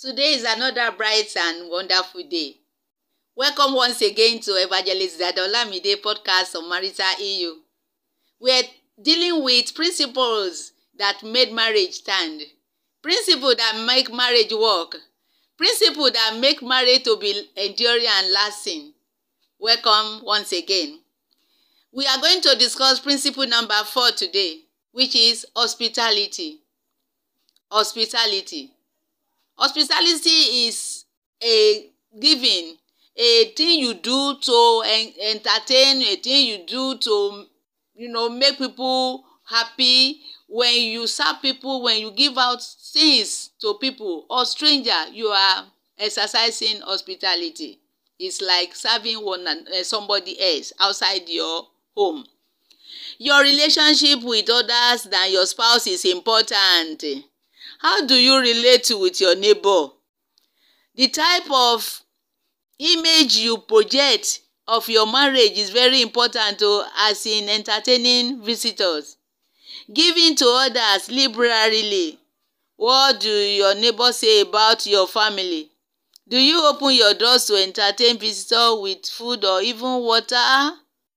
Today is another bright and wonderful day. Welcome once again to Evangelist Zadolamide podcast on marital EU. We are dealing with principles that made marriage stand, principles that make marriage work, principles that make marriage to be enduring and lasting. Welcome once again. We are going to discuss principle number four today, which is hospitality. Hospitality hospitality is a giving a thing you do to en entertain a thing you do to you know make people happy when you serve people when you give out things to people or stranger you are exercising hospitality it's like serving one uh, somebody else outside your home your relationship with others than your spouse is important How do you relate with your neighbor? The type of image you project of your marriage is very important to oh, as in entertaining visitors. Giving to others liberally. What do your neighbor say about your family? Do you open your doors to entertain visitors with food or even water?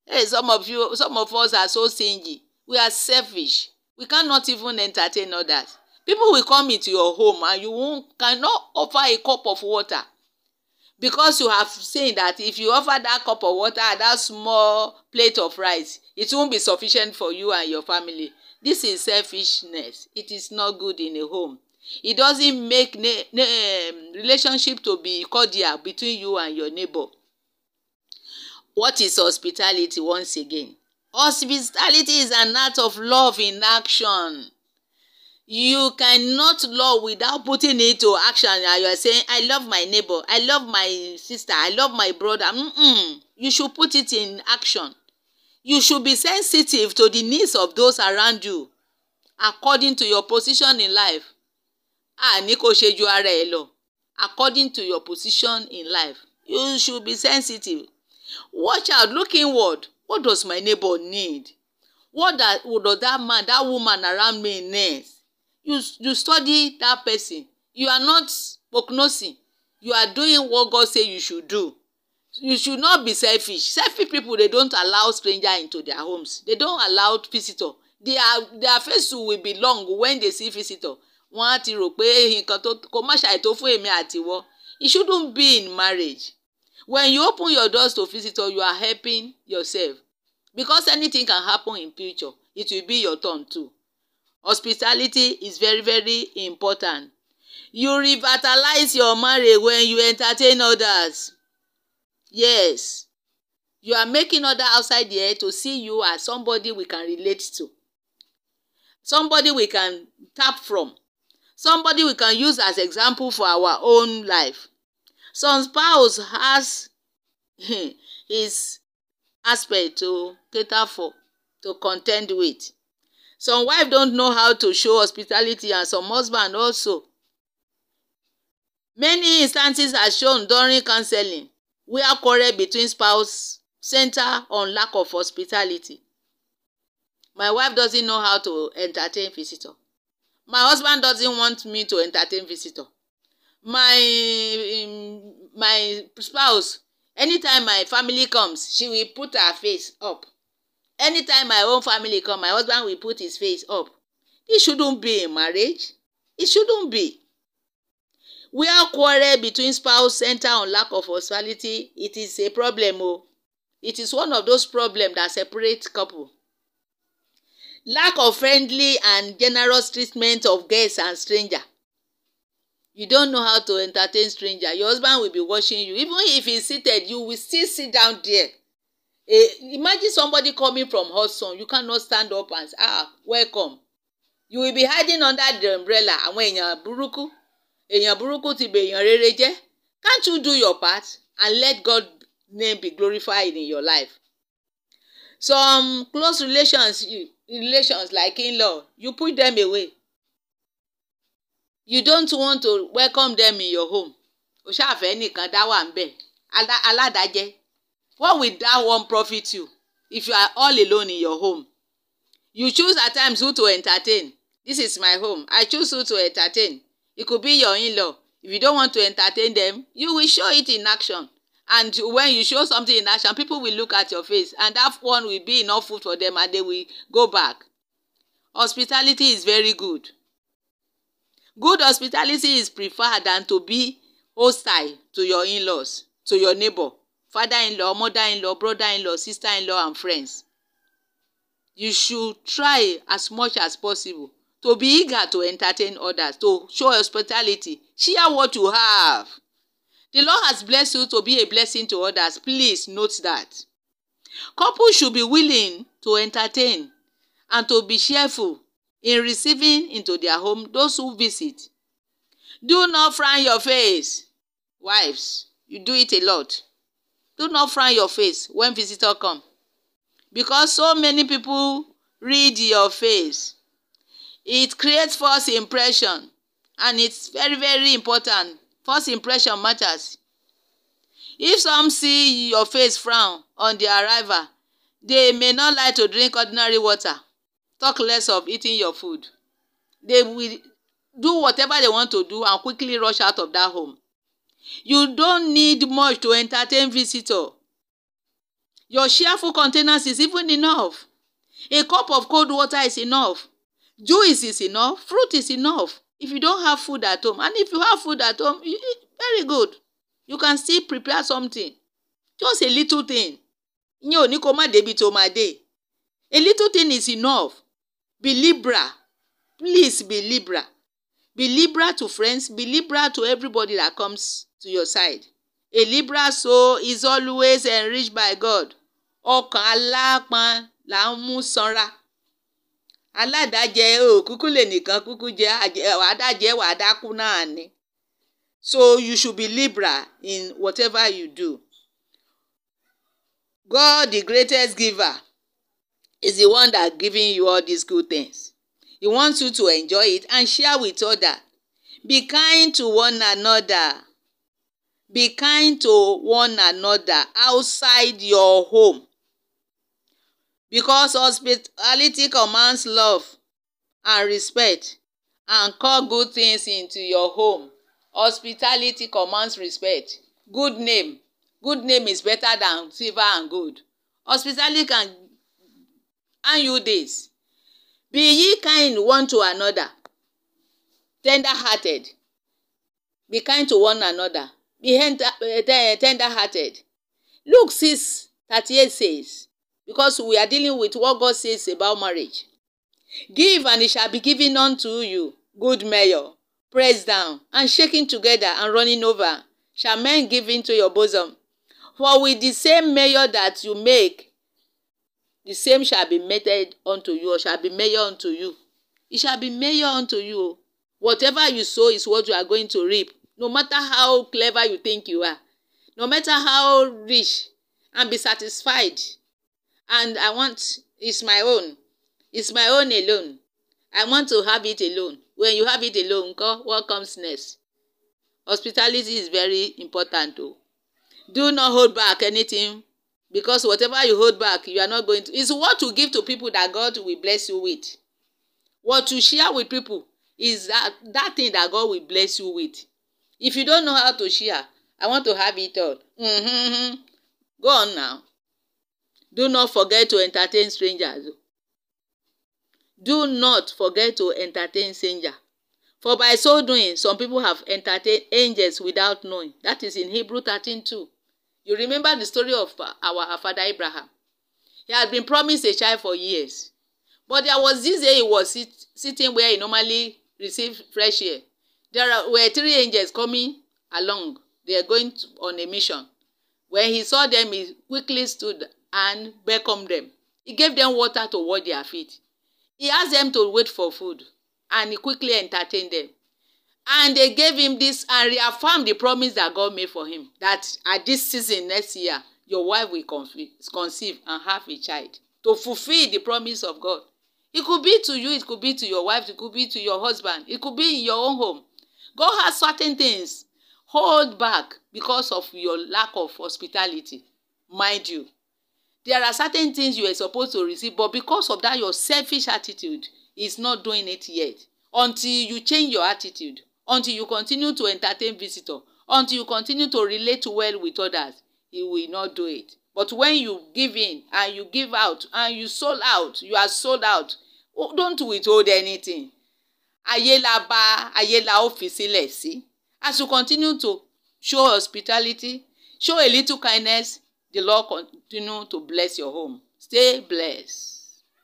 Hey, some of you, some of us are so stingy. We are selfish. We cannot even entertain others people will come into your home and you won't cannot offer a cup of water because you have seen that if you offer that cup of water and that small plate of rice it won't be sufficient for you and your family this is selfishness it is not good in a home it doesn't make na na um, relationship to be cordial between you and your neighbor what is hospitality once again hospitality is an act of love in action you cannot love without putting it to action ah, you are saying i love my neighbor i love my sister i love my brother Mm-mm. you should put it in action you should be sensitive to the needs of those around you according to your position in life ah, according to your position in life you should be sensitive watch out look inward what does my neighbor need what, what does that man that woman around me need you you study that person you are not prognosing you are doing what God say you should do you should not be selfish selfish people they don't allow stranger into their homes they don't allow visitor They are their face will be long when they see visitor wọn á ti rò pé nǹkan tó kò má ṣàìtó fún èmi àtiwọ it shouldn't be in marriage when you open your doors to visitor you are helping yourself because anything can happen in future it will be your turn too Hospitality is very, very important. You revitalize your marriage when you entertain others. Yes. You are making others outside there to see you as somebody we can relate to. Somebody we can tap from. Somebody we can use as example for our own life. Some spouse has his aspect to cater for, to contend with. some wife don't know how to show hospitality and some husband also many instances are shown during counseling where quarrel between spouse center on lack of hospitality my wife doesn't know how to entertain visitor my husband doesn't want me to entertain visitor my um, my spouse anytime my family comes she will put her face up anytime my own family come my husband will put his face up this shouldn't be in marriage it shouldn't be where quarrel between spouse center on lack of hospitality it is a problem o oh. it is one of those problems that separate couple lack of friendly and generous treatment of guests and stranger you don't know how to entertain stranger your husband will be watching you even if he seated you will still sit down there a imagine somebody coming from hudson you cannot stand up and say ah welcome you will be hiding under the umbrella àwọn èèyàn burúkú èèyàn burúkú ti bẹ èèyàn rere jẹ can't you do your part and let God name be glorified in your life some close relations relations like in-law you put them away you don't want to welcome them in your home o ṣáà fẹ́ nìkan dá wà ń bẹ̀ aládàájẹ́. What will that one profit you if you are all alone in your home? You choose at times who to entertain. This is my home. I choose who to entertain. It could be your in-law. If you don't want to entertain them, you will show it in action. And when you show something in action, people will look at your face, and that one will be enough food for them, and they will go back. Hospitality is very good. Good hospitality is preferred than to be hostile to your in-laws, to your neighbor father-in-law mother-in-law brother-in-law sister-in-law and friends you should try as much as possible to be eager to entertain others to show hospitality share what you have the lord has blessed you to be a blessing to others please note that couples should be willing to entertain and to be cheerful in receiving into their home those who visit do not frown your face wives you do it a lot do not frown your face when visitor come because so many people read your face it creates false impression and it's very very important first impression matters if some see your face frown on the arrival they may not like to drink ordinary water talk less of eating your food they will do whatever they want to do and quickly rush out of that home You don't need much to entertain visitor. Your cheerful containers is even enough. A cup of cold water is enough. Juice is enough. Fruit is enough. If you don't have food at home, and if you have food at home, very good. You can still prepare something. Just a little thing. Ìyẹn ni koma kó má débi tó A little thing is enough. Be libra. Please be libra. Be libra to friends. Be libra to everybody that comes to your side. A liberal soul is always enriched by God. Ọkàn alápọn là ń mú sanra. Aládàjẹ òkúkú lè nìkan kúkú jẹ àdájẹ wàá dákú náà ni. So you should be liberal in whatever you do. God the greatest giver is the one that giving you all these good things. He wants you to enjoy it and share with others. Be kind to one another. Be kind to one another outside your home. Because hospitality commands love and respect and call good things into your home. Hospitality commands respect. Good name. Good name is better than silver and gold. Hospitality can earn you this. Be ye kind one to another. Tender hearted. Be kind to one another be tender hearted. Luke 6 38 says, Because we are dealing with what God says about marriage. Give and it shall be given unto you, good measure, pressed down, and shaking together, and running over, shall men give into your bosom. For with the same measure that you make, the same shall be meted unto you, or shall be measured unto you. It shall be measured unto you. Whatever you sow is what you are going to reap no matter how clever you think you are no matter how rich and be satisfied and i want it's my own it's my own alone i want to have it alone when you have it alone nko what comes next hospitality is very important o oh. do not hold back anything because whatever you hold back you are not going to it's what you give to people that god will bless you with what you share with people is that that thing that god will bless you with If you don't know how to share, I want to have it all. Mm-hmm. Go on now. Do not forget to entertain strangers. Do not forget to entertain strangers. For by so doing, some people have entertained angels without knowing. That is in Hebrew 13 2. You remember the story of our father Abraham. He had been promised a child for years. But there was this day he was sit sitting where he normally received fresh air. There were three angels coming along. They are going to, on a mission. When he saw them, he quickly stood and welcomed them. He gave them water to wash their feet. He asked them to wait for food, and he quickly entertained them. And they gave him this and reaffirmed the promise that God made for him that at this season next year, your wife will conceive and have a child to fulfill the promise of God. It could be to you, it could be to your wife, it could be to your husband, it could be in your own home. God has certain things. Hold back because of your lack of hospitality. Mind you, there are certain things you are supposed to receive, but because of that, your selfish attitude is not doing it yet. Until you change your attitude, until you continue to entertain visitor, until you continue to relate well with others, he will not do it. But when you give in and you give out and you sold out, you are sold out, oh, don't withhold anything ayé la ba ayé la ó fi sílẹ̀ sí. As you continue to show hospitality, show a little kindness, the Lord continue to bless your home. Stay blessed.